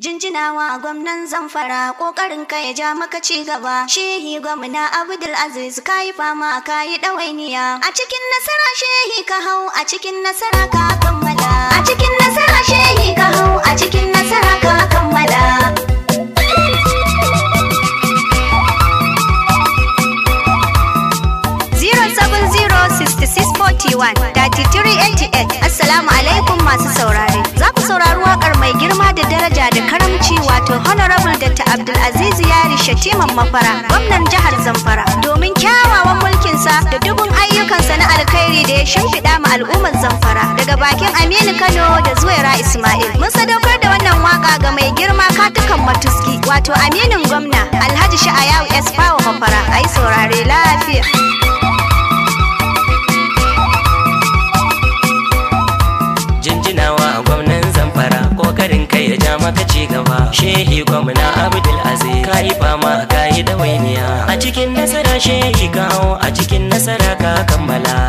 Jinjinawa gwamnan zamfara ƙoƙarin ka ya ja maka ci gaba. Shehi gwamna Abdul Aziz ka yi fama ka yi ɗawainiya. A cikin nasara shehi ka hau a cikin nasara ka kammala. A cikin nasara shehi ka hau a cikin nasara ka kammala. Six forty one, thirty three eighty eight. Assalamu alaikum masu saurari. saurari wakar mai girma da daraja da karamci wato Honorable Dr. Abdulaziz Yari Shatiman Mafara, gwamnan jihar Zamfara, domin kyawawan mulkinsa da dubun ayyukansa na alkhairi da ya shimfiɗa ma al'ummar Zamfara daga bakin Aminu Kano da Zuwaira Ismail. Mun sadaukar da wannan waka ga mai girma katukan matuski wato Aminin gwamna Alhaji Sha'ayawu S. Fawa Mafara. Ayi saurare lafiya. yi fama ka yi dawainiya a cikin nasara she kawo a cikin nasara ka kammala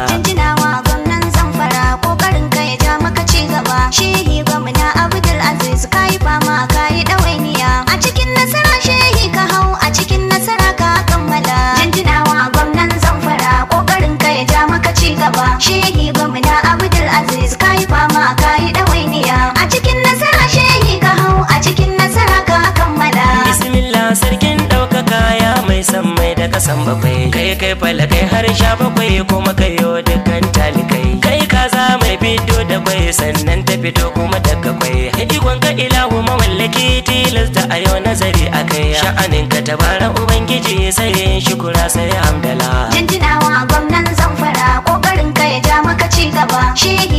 kai kuma kayo dukkan talikai kai kaza mai fito da kwai sannan ta fito kuma daga kwai hadigon ka ilahu mawallaki tilas da yau nazari a kai sha'anin ka tabara ubangiji sai shukura sai hamdala jinjinawa gwamnan zamfara kokarin ka ya ja maka ci gaba shi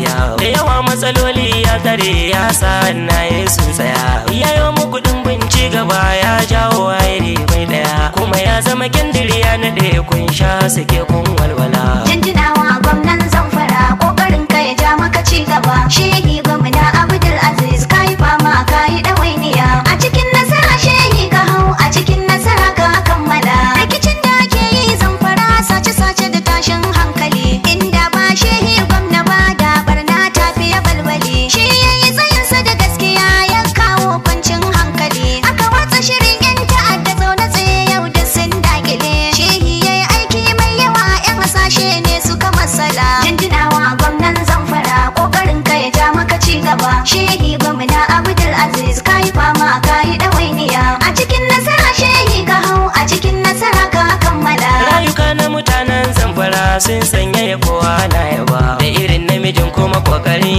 gaskiya da yawa matsaloli ya tare ya sa hannaye sun tsaya ya yi mu kudin binci gaba ya jawo aire bai daya kuma ya zama kindiri ya nade kun sha suke kun walwala jinjinawa gwamnan zamfara kokarin ka ya ja maka ci gaba shehi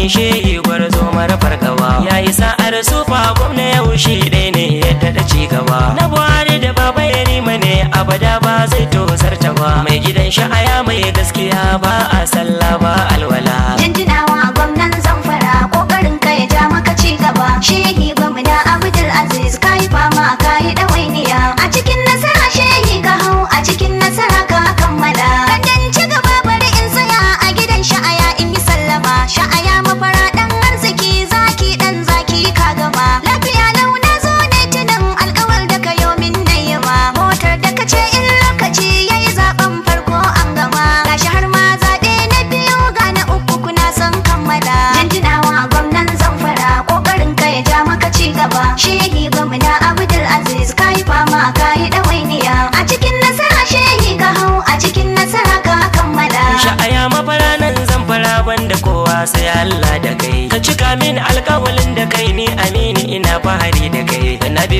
she igwar fargaba ya yi sa'ar sufa gwamna yau shi ɗaya ne yadda da ci gaba na buhari da baba ya rima ne abada ba zai sarta ba mai gidan sha'aya mai gaskiya ba a sallah ba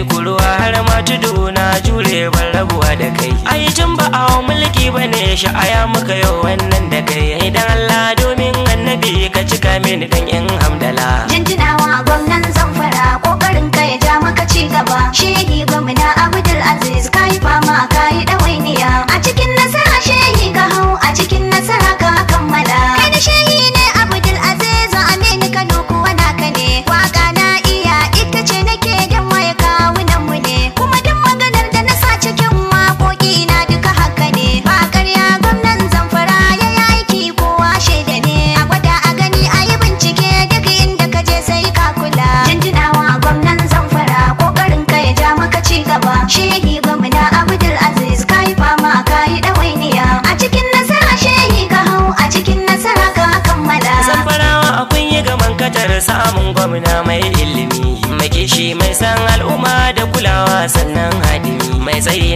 guruwa har ma tudu na jure ban rabuwa da kai ai tun ba a mulki bane sha'aya muka yau wannan da kai idan Allah domin annabi ka cika mini dan in hamdala jinjinawa gwamnan zamfara kokarin ka ya ja maka ci gaba shehi gwamna abu da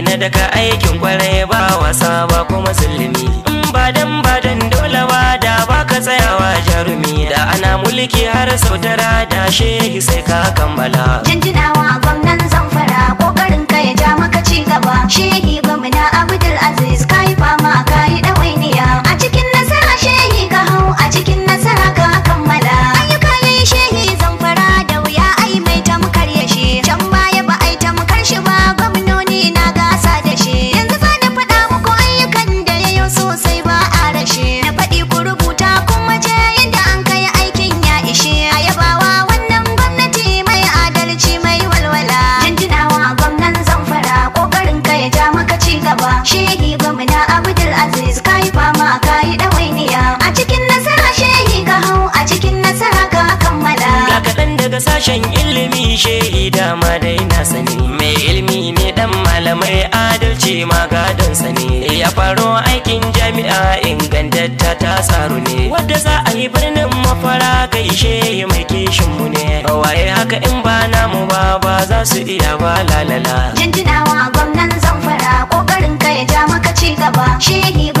na daga aikin kwarai ba wasa ba kuma musulmi in ba dan ba dan dole ba da ba ka tsayawa jarumi da ana mulki har sau tara da shehi sai ka kammala jinjinawa gwamnan zamfara kokarin ka ya ja maka ci gaba shehi gwamna abu da in ba namu ba ba za su iya ba lalala jinjinawa gwamnan zamfara kokarin ka ya ja maka ci gaba shehi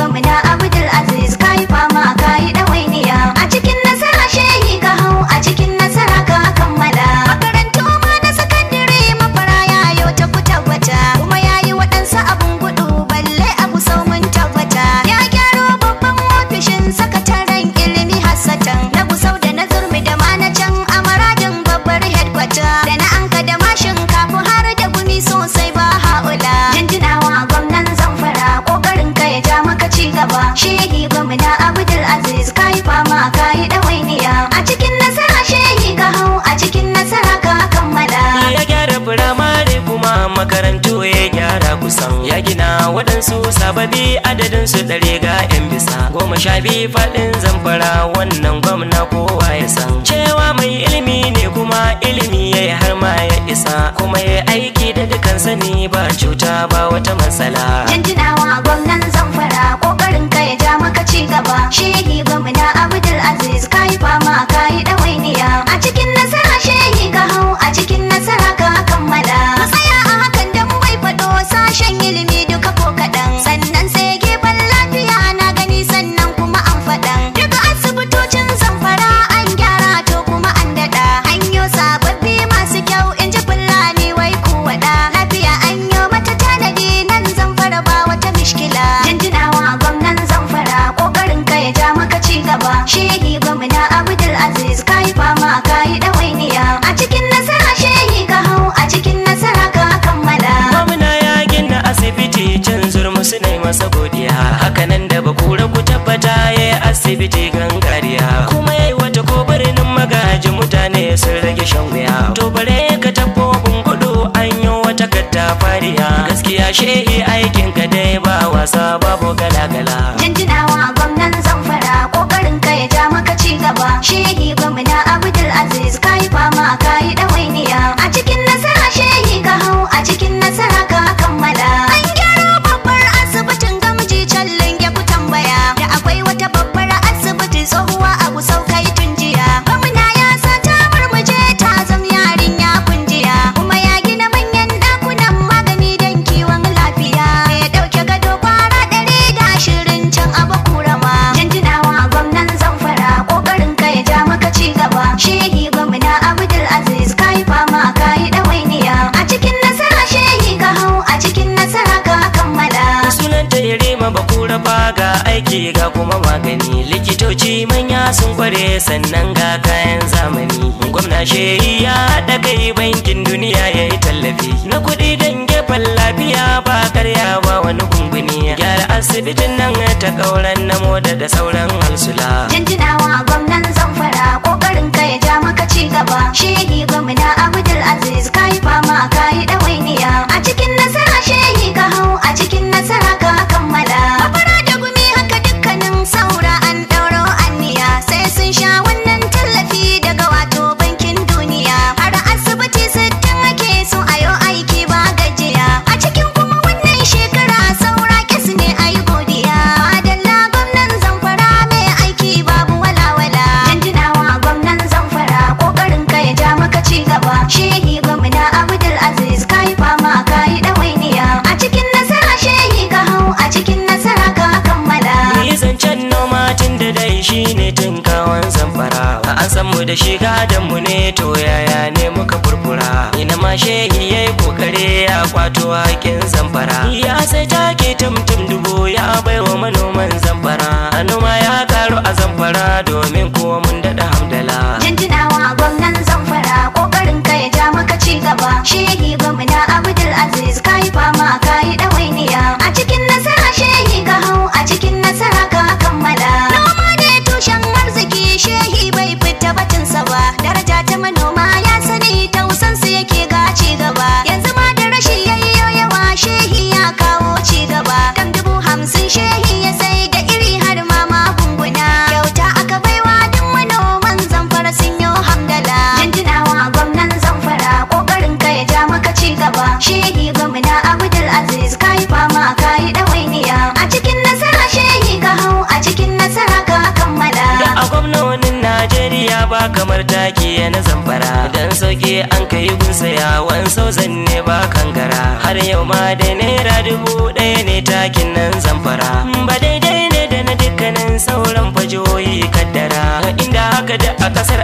sha biyu faɗin zamfara wannan gwamna kowa ya san cewa mai ilimi ne kuma ilimi ya yi har ma ya isa kuma ya aiki da dukkan sani ba cuta ba wata matsala. Jinjinawa gwamnan sun rage shan wuya to bare ka tabbobin gudu an yi wata katta fariya gaskiya shehi aikin ka dai ba wasa babu gada gaba ga aiki ga kuma magani likitoci manya sun kware sannan ga kayan zamani gwamna shehi ya haɗa kai bankin duniya ya yi tallafi na kuɗi don gefen lafiya ba karya ba wani gunguni gyara asibitin nan ta ƙauran na moda da sauran halsula jinjinawa gwamnan zamfara ƙoƙarin ka ya ja maka ci gaba shehi gwamna abdul aziz kayi fama ka ɗawainiya shiga da mu ne to yaya ne muka furfura ina ma shehi yayi kokare ya kwato hakin zamfara ya sai take tumtum dubu ya baiwa manoman zamfara noma ya karu a zamfara yau ma da naira dubu ɗaya ne takin nan zamfara ba daidai ne da na dukkanin sauran fajoyi kaddara inda haka da a kasar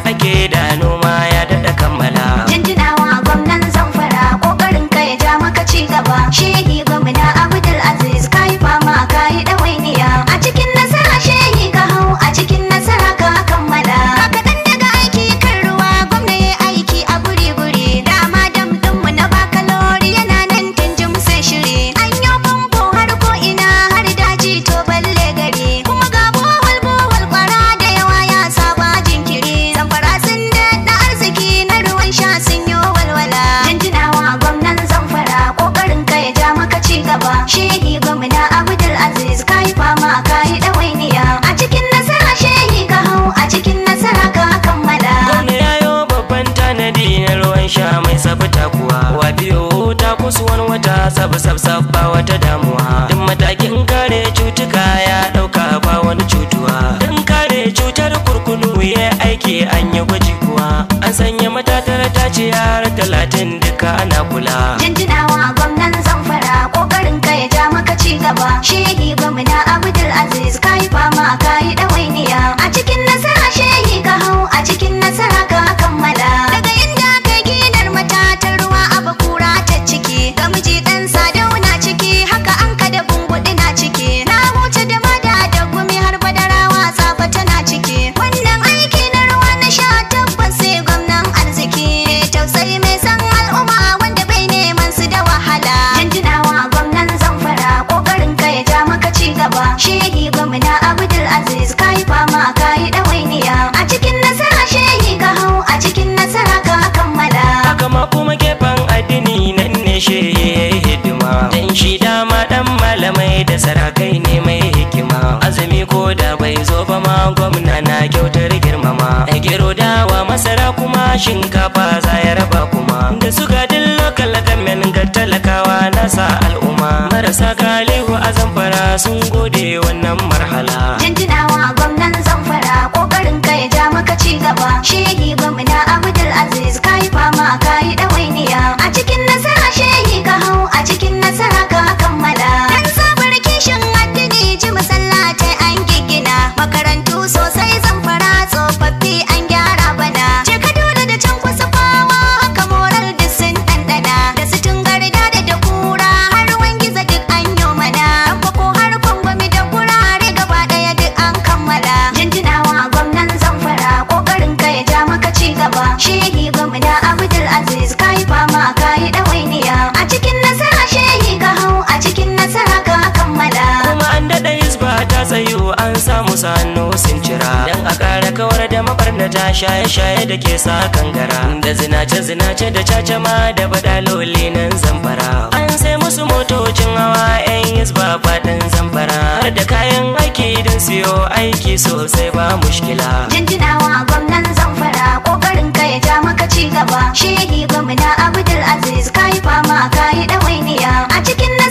shaye-shaye da ke sa kangara da zinace-zinace da caca ma da badaloli nan zamfara an sai musu motocin hawa yan yizba fadin zamfara har da kayan aiki don siyo aiki sosai ba mushkila jinjinawa gwamnan zamfara kokarin ka ya ja maka ci gaba shehi gwamna abdul aziz yi fama kai dawainiya a cikin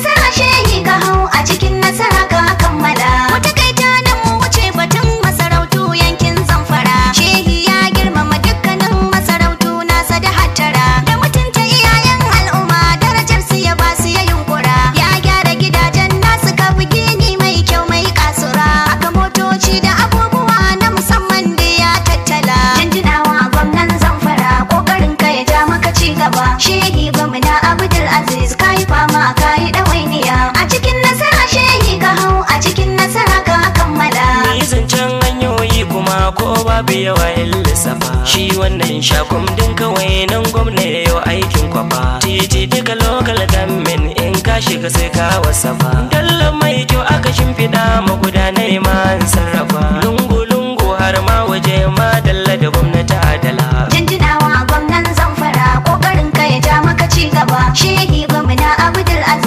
babu yawa illa lissafa shi wannan shakum din kawai nan gwamna yau aikin kwafa titi duka local government in ka shiga sai ka ba dalla mai kyau aka shimfiɗa magudanai ma in sarrafa lungu lungu har ma waje ma dalla da gwamnati adala jinjinawa gwamnan zamfara kokarin ka ya ja maka ci gaba shehi gwamna abdul aziz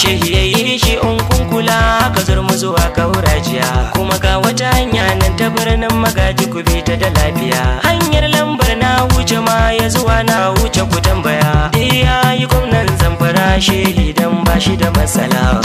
shehi yayi shi in kunkula ka zurmu zuwa jiya. kuma ga wata hanya nan ta birnin magaji ku bi ta da lafiya hanyar lambar na wuce ma ya zuwa na wuce ku tambaya dai yayi gwamnan zamfara shehi dan ba shi da matsala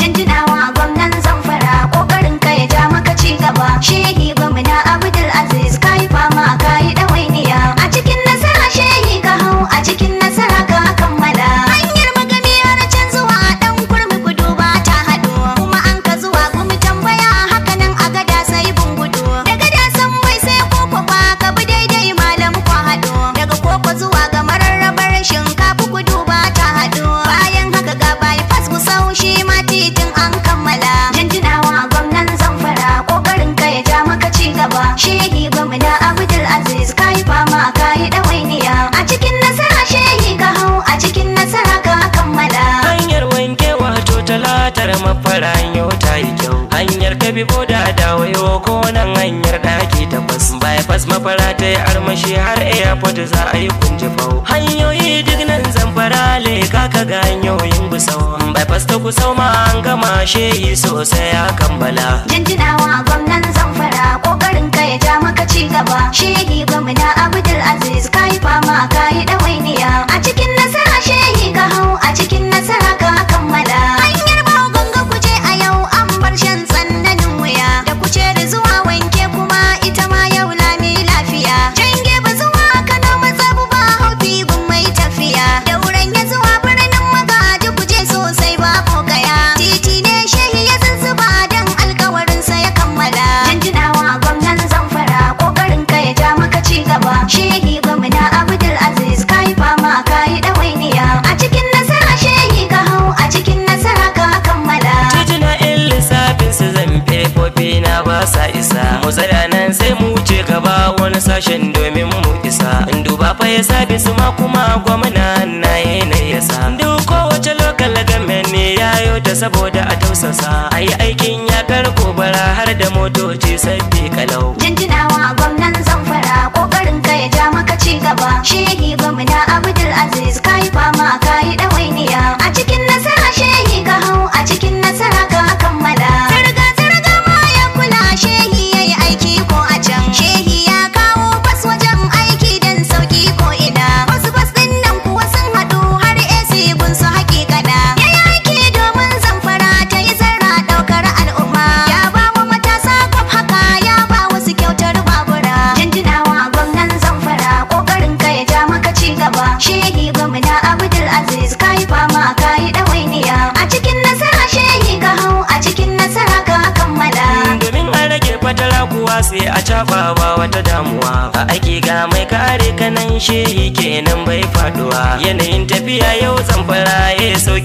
shi har airport za a yi kunjifau hanyoyi duk nan zamfara leka ka ga hanyoyin busau fasta ta sau ma an gama shehi sosai ya kambala jinjinawa gwamnan zamfara kokarin ka ya ja maka ci gaba shehi gwamna abdul aziz kai fama ka yi ɗawainiya a cikin fashion domin mu isa duba fa ya sabi su ma kuma gwamna na yanayi yasa duk kowace lokal gamen ne yayo ta saboda a tausasa ayi aikin yakar bara har da motoci sabbi kalau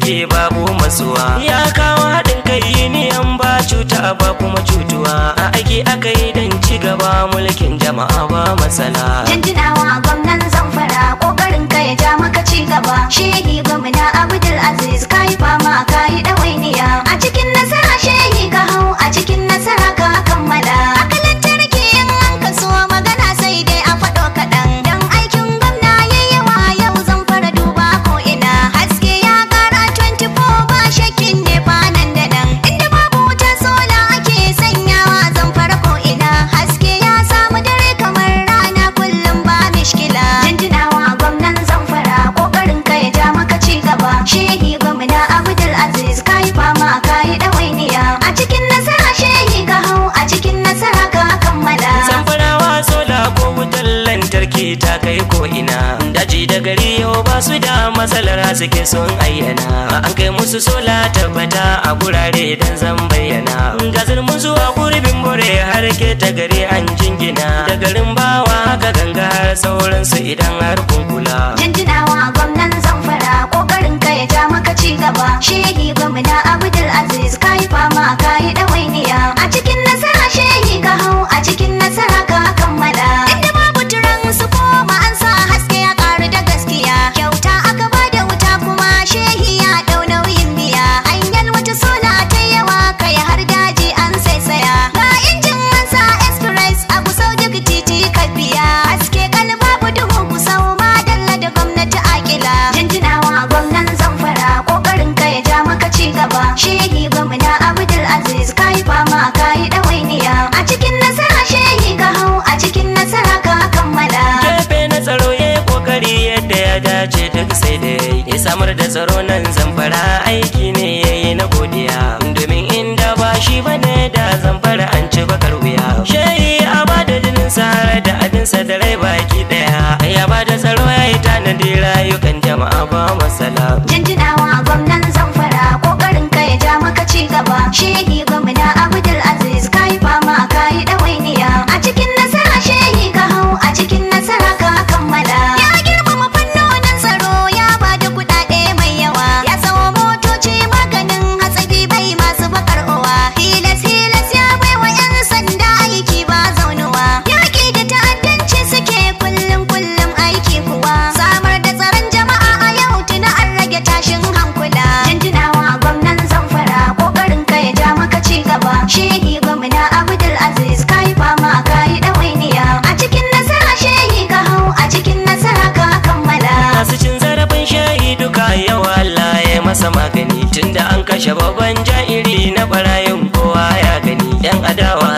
gefe babu masuwa ya kawo haɗin kai ni ba cuta ba kuma cutuwa a aiki aka yi don ci gaba mulkin jama'a ba matsala suke son ayyana an kai musu sola tabbata a gurare dan zan bayyana ga musu a gurbin bore har ke ta gari an jingina da garin bawa ka ganga har sauransu idan har kunkula jinjinawa gwamnan zamfara kokarin ka ya ja maka ci gaba shehi gwamna abdul aziz kai fama kai sai da ya samar da tsaro nan zamfara aiki ne yayi na godiya domin inda ba shi ne da zamfara an ci bakar wuya shehi a ba da jinin sahara da abinsa da rai baki daya ya ba da tsaro ya yi tanadi rayukan jama'a ba masala jinjinawa gwamnan zamfara kokarin ka ya ja maka ci gaba shehi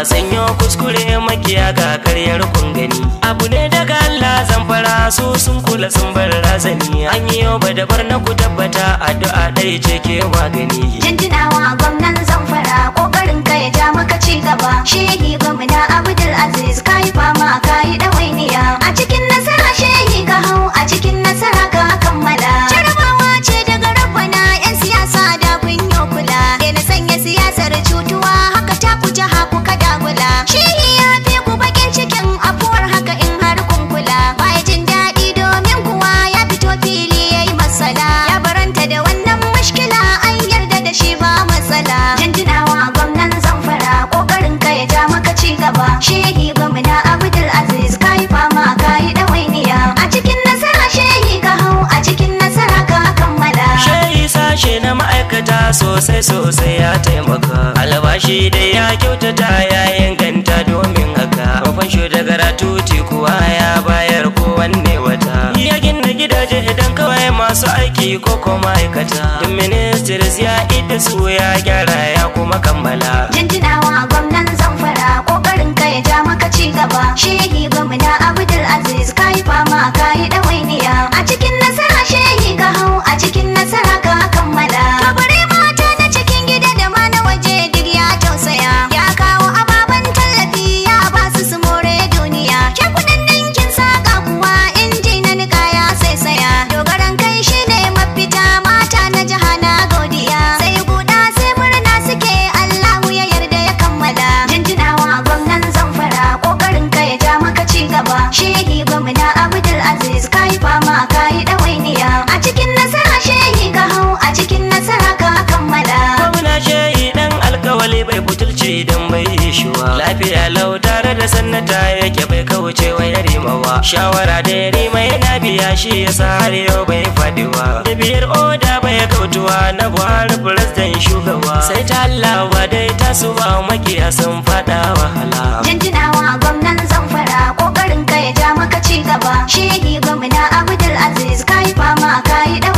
sanyo kuskure makiya ga karyar kun gani abu ne daga Allah zan fara so sun kula sun bar razani an yi yau ba dabar na ku tabbata addu'a dai ce ke magani jinjinawa gwamnan zan fara kokarin ka ja maka ci gaba shehi gwamna abu shi da ya kyautata ya inganta domin haka mafan shi da karatu kuwa ya bayar kowanne wata ya gina gidaje idan kawai masu aiki ko ma'aikata duk ministers ya ida su ya gyara ya kuma kammala jinjinawa gwamnan zamfara kokarin ka ya ja maka ci gaba shi shawara da yare mai na biya shi ya sa har yau bai faduwa da biyar oda bai kautuwa na buhari firistan shugaba sai ta allah dai tasowa makiya sun fada wahala jinjinawa gwamnan zamfara kokarin ka ya ja maka ci gaba shehi gwamna abdul aziz kai fama kai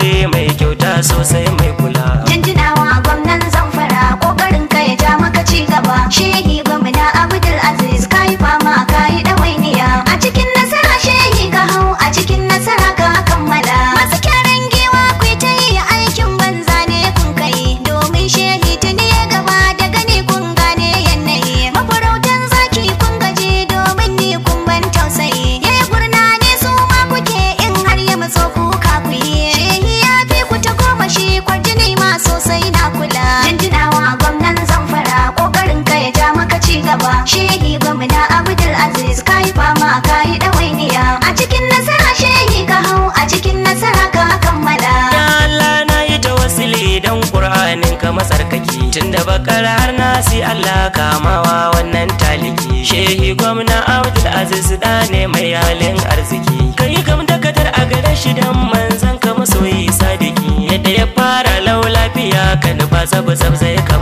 aure mai kyauta sosai ba tsab tsab zai kama